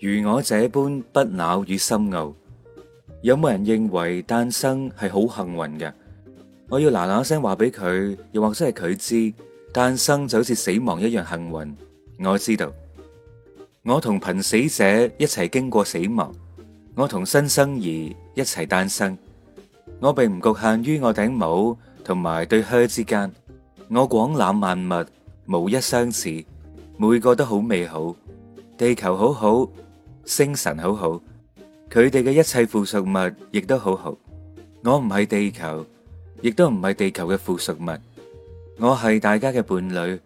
如我這般不朽與深奧，有冇人認為誕生係好幸運嘅？我要嗱嗱聲話俾佢，又或者係佢知誕生就好似死亡一樣幸運。我知道，我同瀕死者一齊經過死亡，我同新生兒一齊誕生。我並唔局限於我頂帽同埋對靴之間，我廣覽萬物，無一相似，每個都好美好，地球好好。星神好好，佢哋嘅一切附屬物亦都好好。我唔係地球，亦都唔係地球嘅附屬物。我係大家嘅伴侶，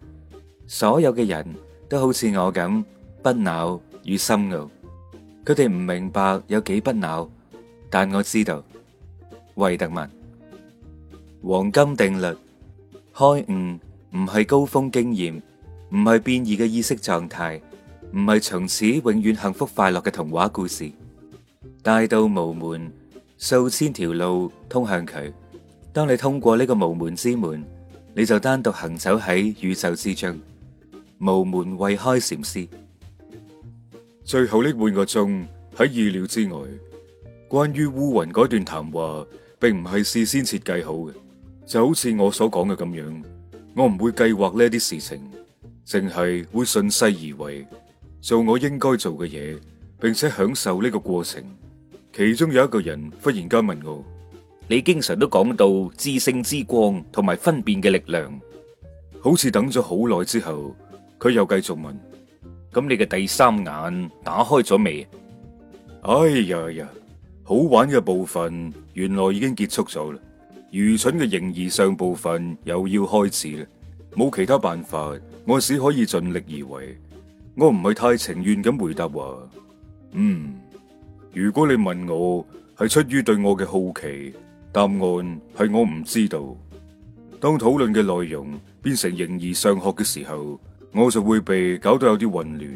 所有嘅人都好似我咁不朽與深奧。佢哋唔明白有幾不朽，但我知道。惠特曼黃金定律，開悟唔係高峰經驗，唔係變異嘅意識狀態。唔係從此永遠幸福快樂嘅童話故事。大道無門，數千條路通向佢。當你通過呢個無門之門，你就單獨行走喺宇宙之中。無門為開禪師。最後呢半個鐘喺意料之外，關於烏雲嗰段談話，並唔係事先設計好嘅。就好似我所講嘅咁樣，我唔會計劃呢一啲事情，淨係會順勢而為。做我應該做嘅嘢，並且享受呢個過程。其中有一個人忽然間問我：你經常都講到知性之光同埋分辨嘅力量。好似等咗好耐之後，佢又繼續問：咁你嘅第三眼打開咗未？哎呀呀！好玩嘅部分原來已經結束咗啦，愚蠢嘅形而上部分又要開始啦。冇其他辦法，我只可以盡力而為。我唔係太情願咁回答話，嗯，如果你問我係出於對我嘅好奇，答案係我唔知道。當討論嘅內容變成形而上學嘅時候，我就會被搞到有啲混亂。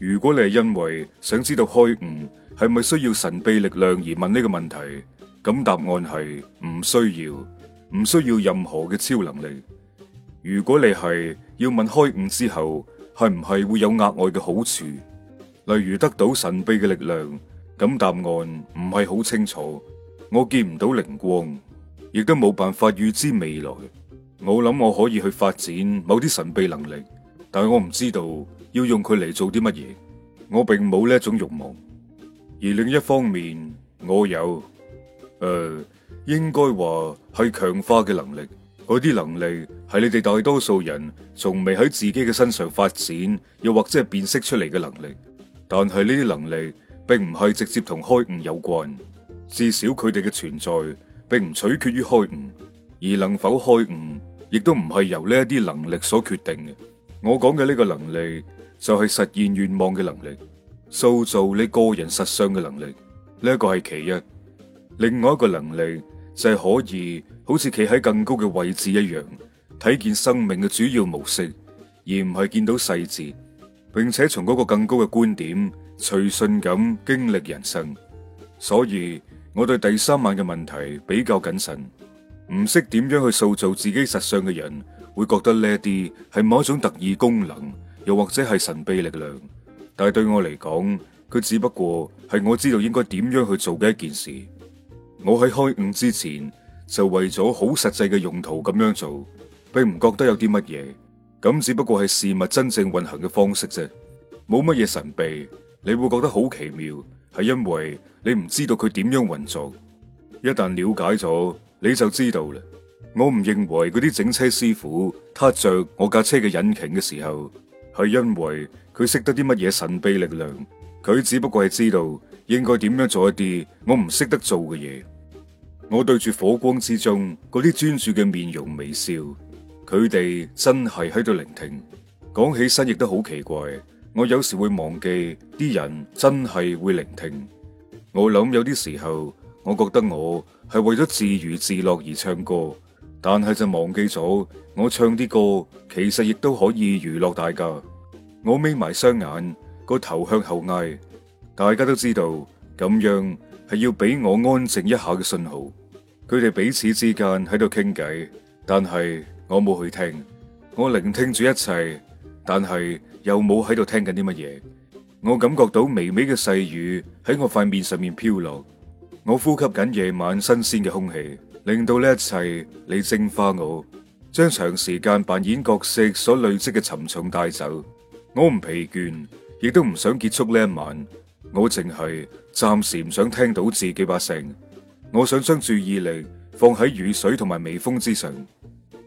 如果你係因為想知道開悟係咪需要神秘力量而問呢個問題，咁答案係唔需要，唔需要任何嘅超能力。如果你係要問開悟之後，係唔係會有額外嘅好處？例如得到神秘嘅力量，咁答案唔係好清楚。我見唔到靈光，亦都冇辦法預知未來。我諗我可以去發展某啲神秘能力，但我唔知道要用佢嚟做啲乜嘢。我並冇呢一種欲望。而另一方面，我有，誒、呃，應該話係強化嘅能力。嗰啲能力。係你哋大多數人仲未喺自己嘅身上發展，又或者係辨識出嚟嘅能力。但係呢啲能力並唔係直接同開悟有關，至少佢哋嘅存在並唔取決於開悟，而能否開悟亦都唔係由呢一啲能力所決定嘅。我講嘅呢個能力就係實現願望嘅能力，塑造你個人實相嘅能力。呢一個係其一，另外一個能力就係可以好似企喺更高嘅位置一樣。睇見生命嘅主要模式，而唔係見到細節，並且從嗰個更高嘅觀點，隨順咁經歷人生。所以我對第三晚嘅問題比較謹慎，唔識點樣去塑造自己實相嘅人，會覺得呢啲係某一種特異功能，又或者係神秘力量。但係對我嚟講，佢只不過係我知道應該點樣去做嘅一件事。我喺開悟之前，就為咗好實際嘅用途咁樣做。並唔覺得有啲乜嘢，咁只不過係事物真正運行嘅方式啫，冇乜嘢神秘。你會覺得好奇妙，係因為你唔知道佢點樣運作。一旦了解咗，你就知道啦。我唔認為嗰啲整車師傅撻着我架車嘅引擎嘅時候，係因為佢識得啲乜嘢神秘力量。佢只不過係知道應該點樣做一啲我唔識得做嘅嘢。我對住火光之中嗰啲專注嘅面容微笑。佢哋真係喺度聆聽，講起身亦都好奇怪。我有時會忘記啲人真係會聆聽。我諗有啲時候，我覺得我係為咗自娛自樂而唱歌，但係就忘記咗我唱啲歌其實亦都可以娛樂大家。我眯埋雙眼，個頭向後嗌，大家都知道咁樣係要俾我安靜一下嘅信號。佢哋彼此之間喺度傾偈，但係。我冇去聽，我聆聽住一切，但係又冇喺度聽緊啲乜嘢。我感覺到微微嘅細雨喺我塊面上面飄落，我呼吸緊夜晚新鮮嘅空氣，令到呢一切你淨化我，將長時間扮演角色所累積嘅沉重帶走。我唔疲倦，亦都唔想結束呢一晚。我淨係暫時唔想聽到自己把聲，我想將注意力放喺雨水同埋微風之上。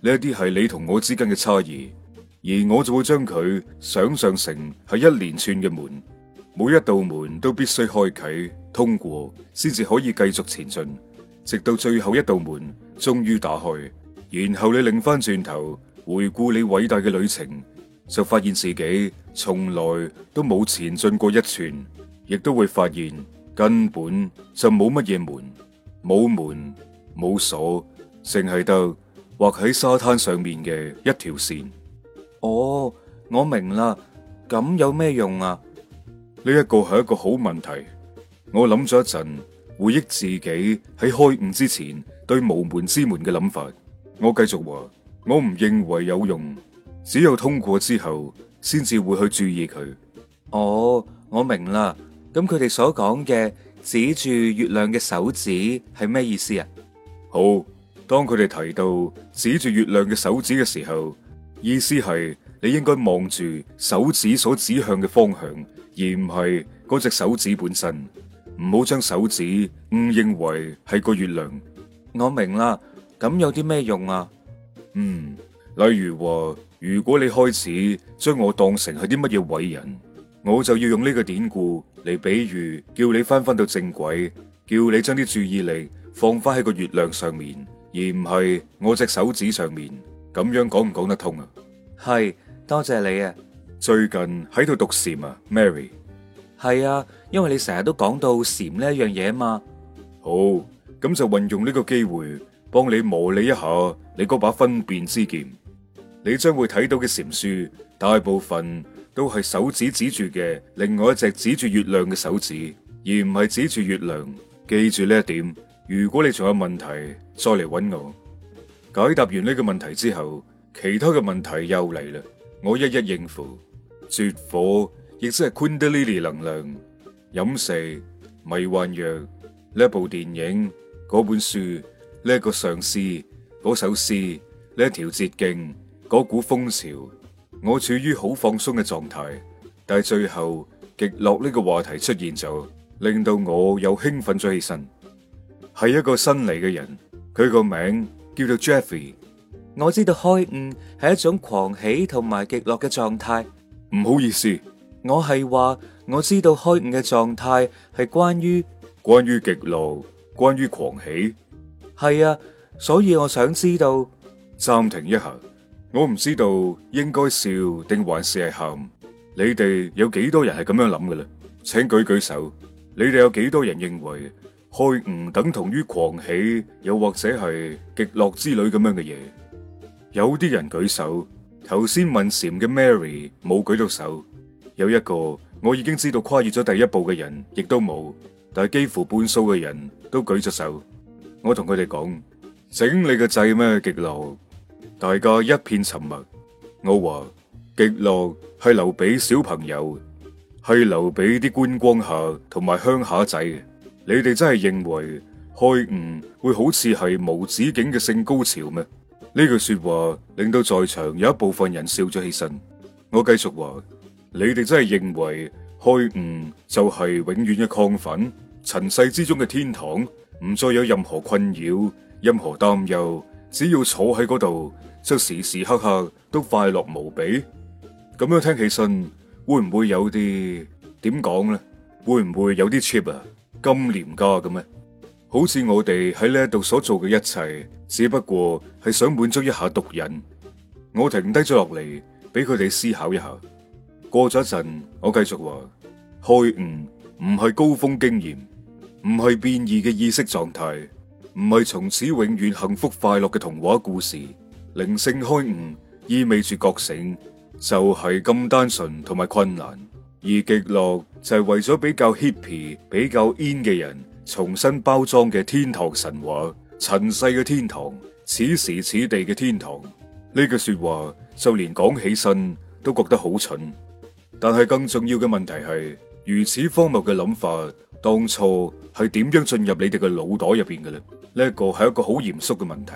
呢一啲係你同我之間嘅差異，而我就會將佢想象成係一連串嘅門，每一道門都必須開啟通過，先至可以繼續前進，直到最後一道門終於打開，然後你擰翻轉頭回顧你偉大嘅旅程，就發現自己從來都冇前進過一寸，亦都會發現根本就冇乜嘢門，冇門冇鎖，淨係得。畫喺沙灘上面嘅一條線。哦，我明啦，咁有咩用啊？呢一個係一個好問題。我諗咗一陣，回憶自己喺開悟之前對無門之門嘅諗法。我繼續話，我唔認為有用，只有通過之後，先至會去注意佢。哦，我明啦。咁佢哋所講嘅指住月亮嘅手指係咩意思啊？好。當佢哋提到指住月亮嘅手指嘅時候，意思係你應該望住手指所指向嘅方向，而唔係嗰隻手指本身。唔好將手指誤認為係個月亮。我明啦，咁有啲咩用啊？嗯，例如話，如果你開始將我當成係啲乜嘢偉人，我就要用呢個典故嚟比喻，叫你翻翻到正軌，叫你將啲注意力放翻喺個月亮上面。而唔係我隻手指上面，咁樣講唔講得通啊？係。多謝你啊！最近喺度讀禪啊，Mary。係啊，因為你成日都講到禪呢一樣嘢啊嘛。好，咁就運用呢個機會幫你磨練一下你嗰把分辨之劍。你將會睇到嘅禪書，大部分都係手指指住嘅，另外一隻指住月亮嘅手指，而唔係指住月亮。記住呢一點。如果你仲有問題，再嚟揾我解答完呢個問題之後，其他嘅問題又嚟啦，我一一應付。絕火亦即係 Kundalini 能量、飲食、迷幻藥、呢部電影、嗰本書、呢個上司、嗰首詩、呢一條捷徑、嗰股風潮，我處於好放鬆嘅狀態，但係最後極樂呢個話題出現咗，令到我又興奮咗起身。係一個新嚟嘅人，佢個名叫做 Jeffrey。我知道開悟係一種狂喜同埋極樂嘅狀態。唔好意思，我係話我知道開悟嘅狀態係關於關於極樂，關於狂喜。係啊，所以我想知道。暫停一下，我唔知道應該笑定還是係喊。你哋有幾多人係咁樣諗嘅呢？請舉舉手。你哋有幾多人認為？開悟唔等同於狂喜，又或者係極樂之類咁樣嘅嘢。有啲人舉手，頭先問禪嘅 Mary 冇舉到手。有一個我已經知道跨越咗第一步嘅人，亦都冇。但係幾乎半數嘅人都舉咗手。我同佢哋講：整你個掣咩極樂？大家一片沉默。我話：極樂係留俾小朋友，係留俾啲觀光客同埋鄉下仔嘅。你哋真係認為開悟會好似係無止境嘅性高潮咩？呢句說話令到在場有一部分人笑咗起身。我繼續話：你哋真係認為開悟就係永遠嘅亢奮，塵世之中嘅天堂，唔再有任何困擾、任何擔憂，只要坐喺嗰度，就時時刻刻都快樂無比。咁樣聽起身，會唔會有啲點講呢？會唔會有啲 cheap 啊？咁廉價嘅咩？好似我哋喺呢一度所做嘅一切，只不過係想滿足一下毒癮。我停低咗落嚟，俾佢哋思考一下。過咗一陣，我繼續話：開悟唔係高峰經驗，唔係變異嘅意識狀態，唔係從此永遠幸福快樂嘅童話故事。靈性開悟意味住覺醒，就係咁單純同埋困難。而極樂就係為咗比較 hippy 比較 in 嘅人重新包裝嘅天堂神話，塵世嘅天堂，此時此地嘅天堂。呢句說話，就連講起身都覺得好蠢。但係更重要嘅問題係，如此荒謬嘅諗法，當初係點樣進入你哋嘅腦袋入邊嘅呢？呢一個係一個好嚴肅嘅問題。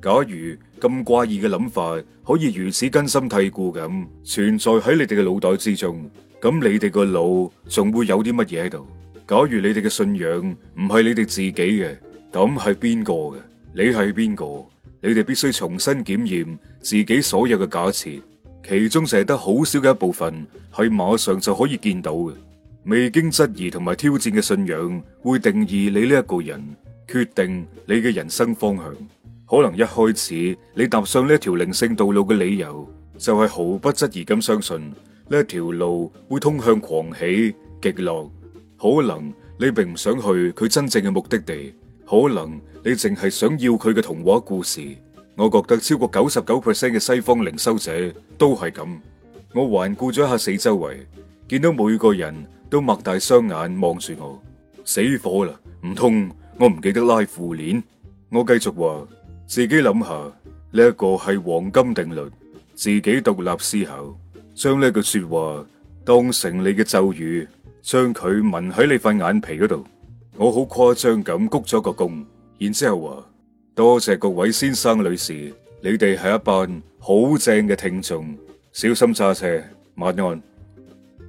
假如咁怪異嘅諗法可以如此根深蒂固咁存在喺你哋嘅腦袋之中，咁你哋個腦仲會有啲乜嘢喺度？假如你哋嘅信仰唔係你哋自己嘅，咁係邊個嘅？你係邊個？你哋必須重新檢驗自己所有嘅假設，其中剩係得好少嘅一部分係馬上就可以見到嘅。未經質疑同埋挑戰嘅信仰，會定義你呢一個人，決定你嘅人生方向。可能一開始你踏上呢一條靈性道路嘅理由，就係、是、毫不質疑咁相信。呢一條路會通向狂喜、極樂。可能你並唔想去佢真正嘅目的地，可能你淨係想要佢嘅童話故事。我覺得超過九十九 percent 嘅西方靈修者都係咁。我環顧咗一下四周圍，見到每個人都擘大雙眼望住我，死火啦！唔通我唔記得拉褲鏈？我繼續話，自己諗下呢一個係黃金定律，自己獨立思考。將呢句說話當成你嘅咒語，將佢紋喺你塊眼皮嗰度。我好誇張咁鞠咗個躬，然之後話多謝各位先生女士，你哋係一班好正嘅聽眾，小心揸車，晚安。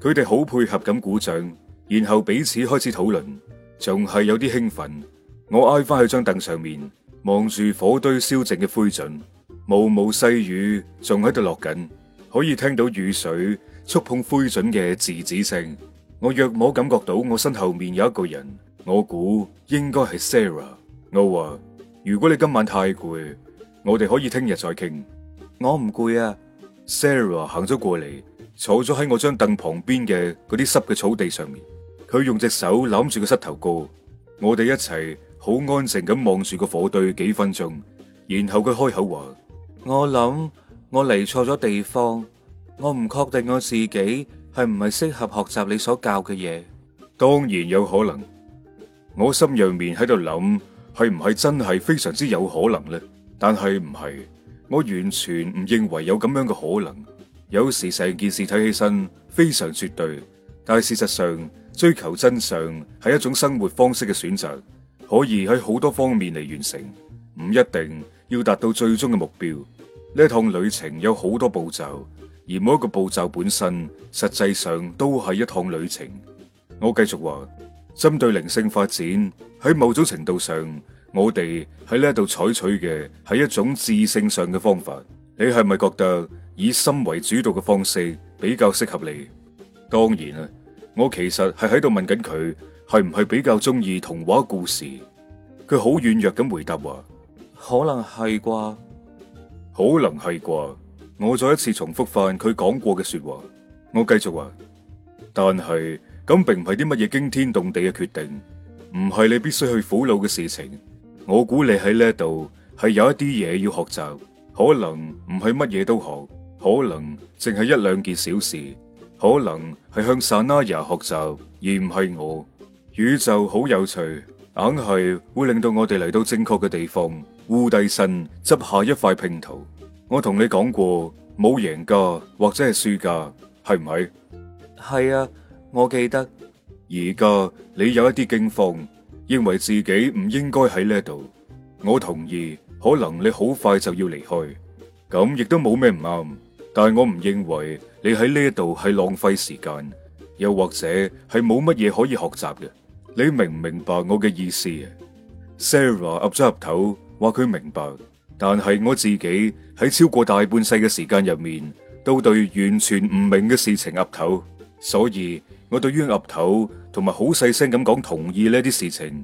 佢哋好配合咁鼓掌，然後彼此開始討論，仲係有啲興奮。我挨翻去張凳上面，望住火堆燒淨嘅灰燼，毛毛細雨仲喺度落緊。可以聽到雨水觸碰灰燼嘅滋滋聲，我若摸感覺到我身後面有一個人，我估應該係 Sarah。我話如果你今晚太攰，我哋可以聽日再傾。我唔攰啊，Sarah 行咗過嚟，坐咗喺我張凳旁邊嘅嗰啲濕嘅草地上面，佢用隻手攬住個膝頭哥，我哋一齊好安靜咁望住個火堆幾分鐘，然後佢開口話：我諗。我嚟錯咗地方，我唔確定我自己係唔係適合學習你所教嘅嘢。當然有可能，我心入面喺度諗，係唔係真係非常之有可能呢？但係唔係，我完全唔認為有咁樣嘅可能。有時成件事睇起身非常絕對，但係事實上，追求真相係一種生活方式嘅選擇，可以喺好多方面嚟完成，唔一定要達到最終嘅目標。呢趟旅程有好多步驟，而每一個步驟本身實際上都係一趟旅程。我繼續話，針對靈性發展，喺某種程度上，我哋喺呢度採取嘅係一種智性上嘅方法。你係咪覺得以心為主導嘅方式比較適合你？當然啦，我其實係喺度問緊佢，係唔係比較中意童話故事？佢好軟弱咁回答話：可能係啩。可能係啩，我再一次重複翻佢講過嘅說話。我繼續話，但係咁並唔係啲乜嘢驚天動地嘅決定，唔係你必須去苦惱嘅事情。我估你喺呢度係有一啲嘢要學習，可能唔係乜嘢都學，可能淨係一兩件小事，可能係向薩那亞學習，而唔係我。宇宙好有趣，硬係會令到我哋嚟到正確嘅地方。烏帝神執下一塊拼圖。我同你講過，冇贏家或者係輸家，係唔係？係啊，我記得。而家你有一啲驚慌，認為自己唔應該喺呢一度。我同意，可能你好快就要離開，咁亦都冇咩唔啱。但我唔認為你喺呢一度係浪費時間，又或者係冇乜嘢可以學習嘅。你明唔明白我嘅意思？Sarah 岌咗岌頭。話佢明白，但係我自己喺超過大半世嘅時間入面，都對完全唔明嘅事情岌頭，所以我對於岌頭同埋好細聲咁講同意呢一啲事情，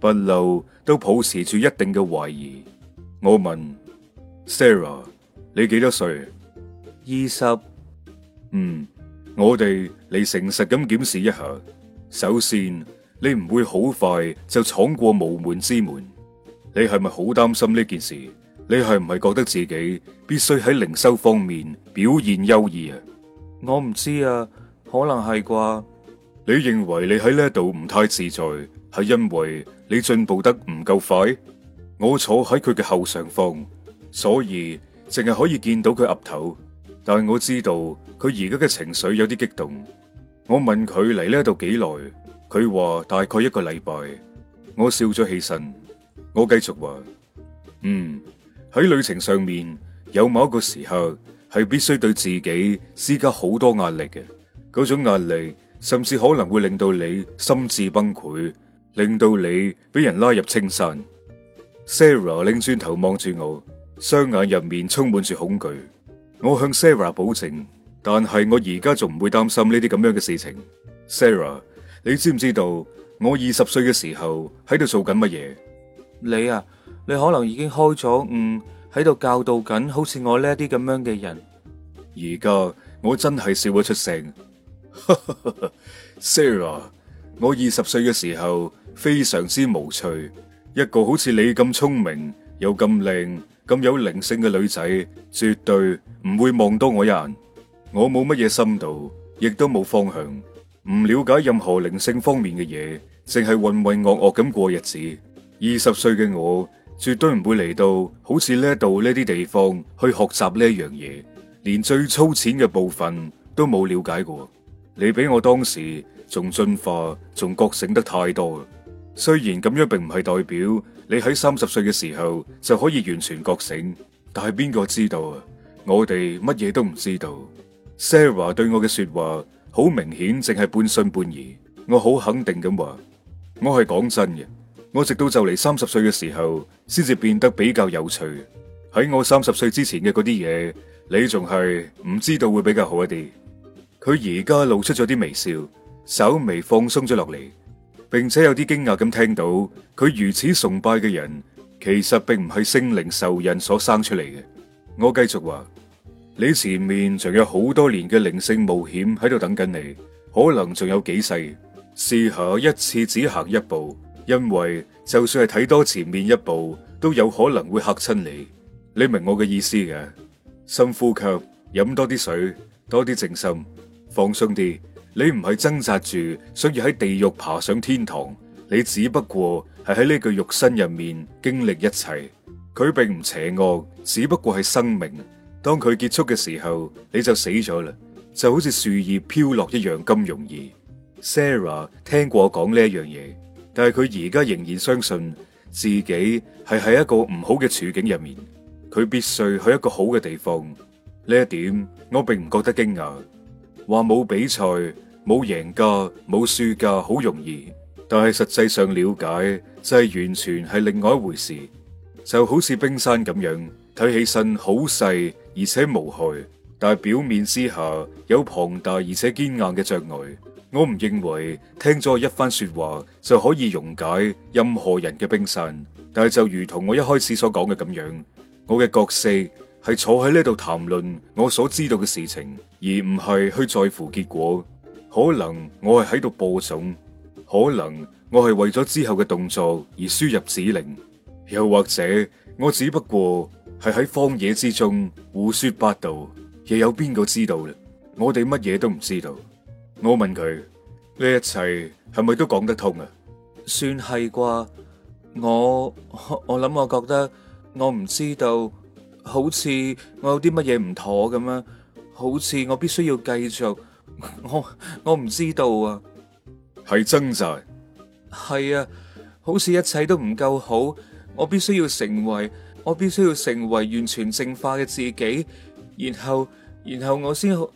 不嬲都抱持住一定嘅懷疑。我問 Sarah：你幾多歲？二十。嗯，我哋嚟誠實咁檢視一下。首先，你唔會好快就闖過無門之門。你係咪好擔心呢件事？你係唔係覺得自己必須喺靈修方面表現優異啊？我唔知啊，可能係啩？你認為你喺呢度唔太自在，係因為你進步得唔夠快？我坐喺佢嘅後上方，所以淨係可以見到佢岌頭。但我知道佢而家嘅情緒有啲激動。我問佢嚟呢度幾耐，佢話大概一個禮拜。我笑咗起身。我繼續話，嗯，喺旅程上面有某一個時刻係必須對自己施加好多壓力嘅，嗰種壓力甚至可能會令到你心智崩潰，令到你俾人拉入青山。Sarah 擰轉頭望住我，雙眼入面充滿住恐懼。我向 Sarah 保證，但係我而家仲唔會擔心呢啲咁樣嘅事情。Sarah，你知唔知道我二十歲嘅時候喺度做緊乜嘢？你啊，你可能已經開咗悟喺度教導緊，好似我呢一啲咁樣嘅人。而家我真係笑得出聲 ，Sarah。我二十歲嘅時候非常之無趣，一個好似你咁聰明又咁靚、咁有靈性嘅女仔，絕對唔會望多我一眼。我冇乜嘢深度，亦都冇方向，唔了解任何靈性方面嘅嘢，淨係渾渾噩噩咁過日子。二十歲嘅我，絕對唔會嚟到好似呢一度呢啲地方去學習呢一樣嘢，連最粗淺嘅部分都冇了解過。你比我當時仲進化，仲覺醒得太多啦。雖然咁樣並唔係代表你喺三十歲嘅時候就可以完全覺醒，但係邊個知道啊？我哋乜嘢都唔知道。Sarah 對我嘅說話好明顯，淨係半信半疑。我好肯定咁話，我係講真嘅。我直到就嚟三十歲嘅時候，先至變得比較有趣。喺我三十歲之前嘅嗰啲嘢，你仲係唔知道會比較好一啲。佢而家露出咗啲微笑，稍微放鬆咗落嚟，並且有啲驚訝咁聽到佢如此崇拜嘅人，其實並唔係聖靈受孕所生出嚟嘅。我繼續話：你前面仲有好多年嘅靈性冒險喺度等緊你，可能仲有幾世，試下一次只行一步，因為。就算係睇多前面一步，都有可能會吓親你。你明我嘅意思嘅？深呼吸，飲多啲水，多啲靜心，放鬆啲。你唔係掙扎住，想要喺地獄爬上天堂。你只不過係喺呢具肉身入面經歷一切。佢並唔邪惡，只不過係生命。當佢結束嘅時候，你就死咗啦。就好似樹葉飄落一樣咁容易。Sarah 聽過我講呢一樣嘢。但係佢而家仍然相信自己係喺一個唔好嘅處境入面，佢必須去一個好嘅地方。呢一點我並唔覺得驚訝。話冇比賽、冇贏家、冇輸家好容易，但係實際上了解真係完全係另外一回事。就好似冰山咁樣，睇起身好細而且無害，但係表面之下有龐大而且堅硬嘅障礙。我唔認為聽咗一番說話就可以溶解任何人嘅冰山，但係就如同我一開始所講嘅咁樣，我嘅角色係坐喺呢度談論我所知道嘅事情，而唔係去在乎結果。可能我係喺度播種，可能我係為咗之後嘅動作而輸入指令，又或者我只不過係喺荒野之中胡說八道，又有邊個知道咧？我哋乜嘢都唔知道。我問佢呢一切係咪都講得通啊？算係啩？我我諗我，我覺得我唔知道，好似我有啲乜嘢唔妥噉樣？好似我必須要繼續，我我唔知道啊！係掙扎係啊，好似一切都唔夠好，我必須要成為，我必須要成為完全淨化嘅自己，然後然後我先好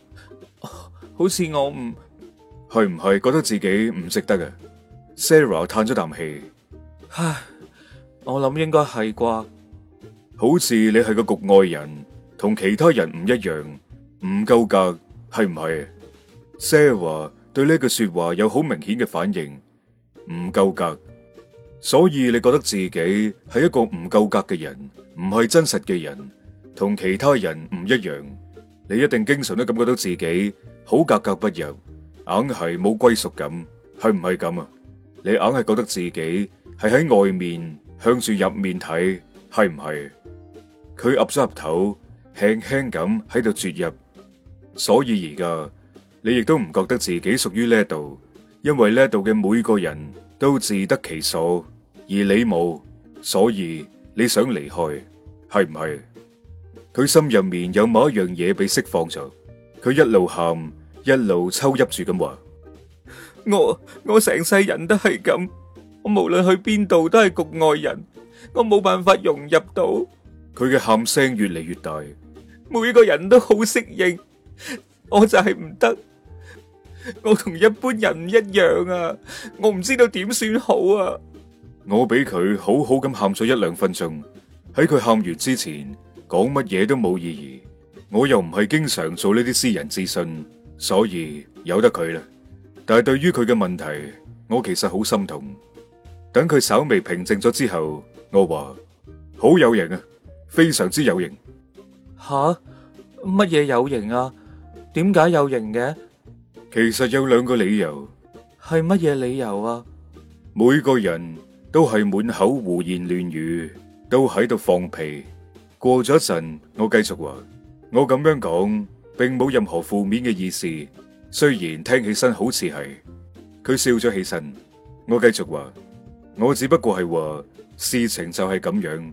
好似我唔。係唔係覺得自己唔值得嘅？Sarah 嘆咗啖氣，唉，我諗應該係啩。好似你係個局外人，同其他人唔一樣，唔夠格，係唔係？Sarah 對呢句說話有好明顯嘅反應，唔夠格，所以你覺得自己係一個唔夠格嘅人，唔係真實嘅人，同其他人唔一樣。你一定經常都感覺到自己好格格不入。硬係冇歸屬感，係唔係咁啊？你硬係覺得自己係喺外面向住入面睇，係唔係？佢岌咗岌頭，輕輕咁喺度啜泣，所以而家你亦都唔覺得自己屬於呢一度，因為呢一度嘅每個人都自得其所，而你冇，所以你想離開，係唔係？佢心入面有某一樣嘢被釋放咗，佢一路喊。一路抽泣住咁話：我我成世人都係咁，我無論去邊度都係局外人，我冇辦法融入到。佢嘅喊聲越嚟越大，每個人都好適應，我就係唔得，我同一般人唔一樣啊！我唔知道點算好啊！我俾佢好好咁喊咗一兩分鐘，喺佢喊完之前講乜嘢都冇意義。我又唔係經常做呢啲私人諮詢。所以由得佢啦，但係對於佢嘅問題，我其實好心痛。等佢稍微平靜咗之後，我話好有型啊，非常之有型。吓，乜嘢有型啊？點解有型嘅？其實有兩個理由。係乜嘢理由啊？每個人都係滿口胡言亂語，都喺度放屁。過咗一陣，我繼續話，我咁樣講。並冇任何負面嘅意思，雖然聽起身好似係佢笑咗起身，我繼續話，我只不過係話事情就係咁樣，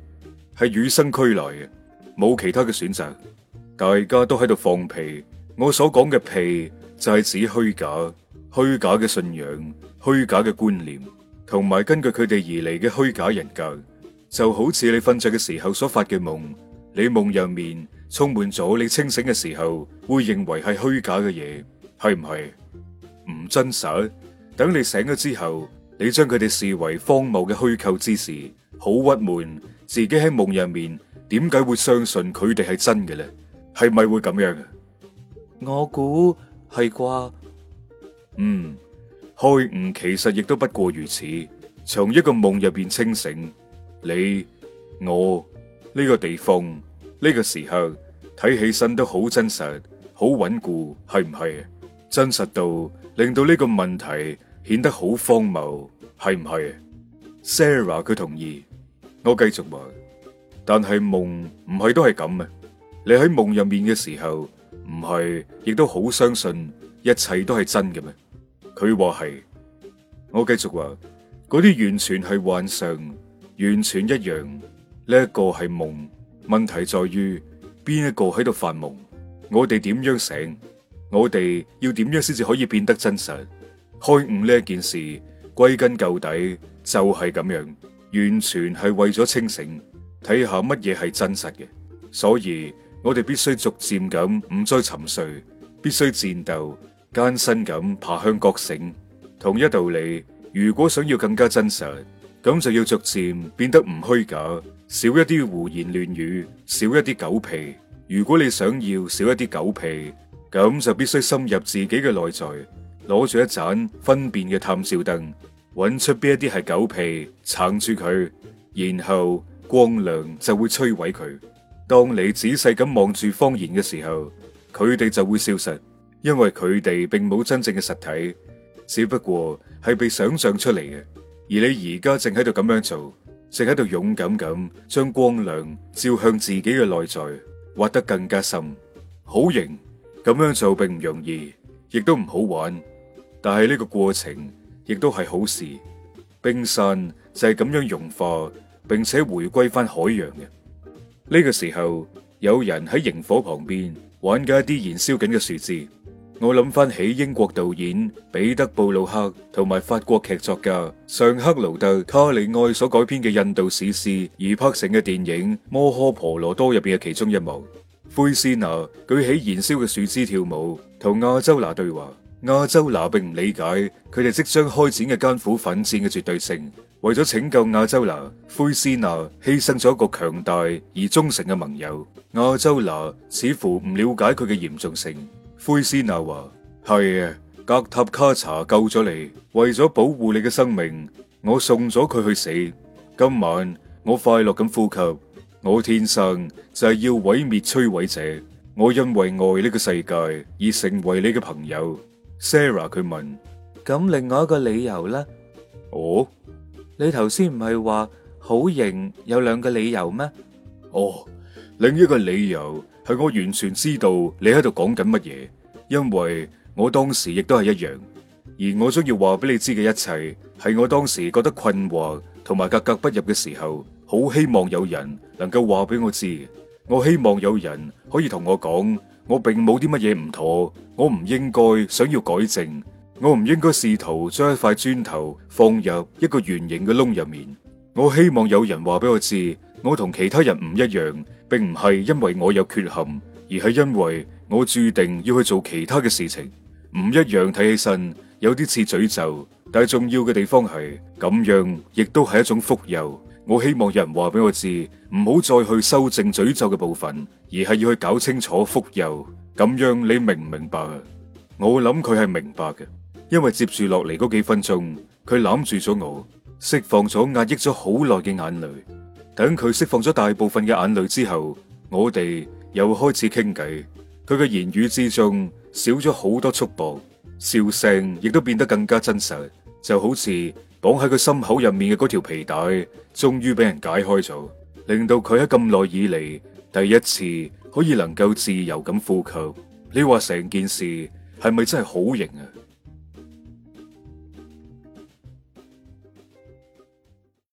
係與生俱來嘅，冇其他嘅選擇。大家都喺度放屁，我所講嘅屁就係指虛假、虛假嘅信仰、虛假嘅觀念，同埋根據佢哋而嚟嘅虛假人格，就好似你瞓着嘅時候所發嘅夢，你夢入面。充滿咗你清醒嘅時候，會認為係虛假嘅嘢，係唔係？唔真實。等你醒咗之後，你將佢哋視為荒謬嘅虛構之時，好鬱悶。自己喺夢入面，點解會相信佢哋係真嘅咧？係咪會咁樣？我估係啩？嗯，開悟其實亦都不過如此。從一個夢入面清醒，你我呢個地方。呢個時候睇起身都好真實，好穩固，係唔係？真實到令到呢個問題顯得好荒謬，係唔係？Sarah 佢同意，我繼續話，但係夢唔係都係咁咩？你喺夢入面嘅時候，唔係亦都好相信一切都係真嘅咩？佢話係，我繼續話，嗰啲完全係幻想，完全一樣，呢一個係夢。問題在於邊一個喺度發夢，我哋點樣醒？我哋要點樣先至可以變得真實？開悟呢件事歸根究底就係咁樣，完全係為咗清醒，睇下乜嘢係真實嘅。所以，我哋必須逐漸咁唔再沉睡，必須戰鬥、艱辛咁爬向覺醒。同一道理，如果想要更加真實。咁就要逐漸變得唔虛假，少一啲胡言亂語，少一啲狗屁。如果你想要少一啲狗屁，咁就必須深入自己嘅內在，攞住一盞分辨嘅探照燈，揾出邊一啲係狗屁，撐住佢，然後光亮就會摧毀佢。當你仔細咁望住謊言嘅時候，佢哋就會消失，因為佢哋並冇真正嘅實體，只不過係被想象出嚟嘅。而你而家正喺度咁樣做，正喺度勇敢咁將光亮照向自己嘅內在，挖得更加深，好型。咁樣做並唔容易，亦都唔好玩，但係呢個過程亦都係好事。冰山就係咁樣融化，並且回歸翻海洋嘅。呢個時候，有人喺營火旁邊玩緊一啲燃燒緊嘅樹枝。我諗翻起英國導演彼得布魯克同埋法國劇作家尚克勞特卡里愛所改編嘅印度史詩而拍成嘅電影《摩訶婆羅多》入邊嘅其中一幕，灰斯娜舉起燃燒嘅樹枝跳舞，同亞洲拿對話。亞洲拿並唔理解佢哋即將開展嘅艱苦奮戰嘅絕對性。為咗拯救亞洲拿，灰斯娜犧牲咗一個強大而忠誠嘅盟友。亞洲拿似乎唔了解佢嘅嚴重性。灰斯娜話：係啊，格塔卡查救咗你，為咗保護你嘅生命，我送咗佢去死。今晚我快樂咁呼吸，我天生就係要毀滅摧毀者。我因為愛呢個世界而成為你嘅朋友。Sarah 佢問：咁另外一個理由咧？哦，你頭先唔係話好型有兩個理由咩？哦，另一個理由。係我完全知道你喺度講緊乜嘢，因為我當時亦都係一樣。而我將要話俾你知嘅一切，係我當時覺得困惑同埋格格不入嘅時候，好希望有人能夠話俾我知。我希望有人可以同我講，我並冇啲乜嘢唔妥，我唔應該想要改正，我唔應該試圖將一塊磚頭放入一個圓形嘅窿入面。我希望有人話俾我知。我同其他人唔一樣，並唔係因為我有缺陷，而係因為我注定要去做其他嘅事情。唔一樣睇起身有啲似詛咒，但係重要嘅地方係咁樣亦都係一種福佑。我希望有人話俾我知，唔好再去修正詛咒嘅部分，而係要去搞清楚福佑。咁樣你明唔明白啊？我諗佢係明白嘅，因為接住落嚟嗰幾分鐘，佢攬住咗我，釋放咗壓抑咗好耐嘅眼淚。等佢釋放咗大部分嘅眼淚之後，我哋又開始傾偈。佢嘅言語之中少咗好多束縛，笑聲亦都變得更加真實，就好似綁喺佢心口入面嘅嗰條皮帶，終於俾人解開咗，令到佢喺咁耐以嚟第一次可以能夠自由咁呼吸。你話成件事係咪真係好型啊？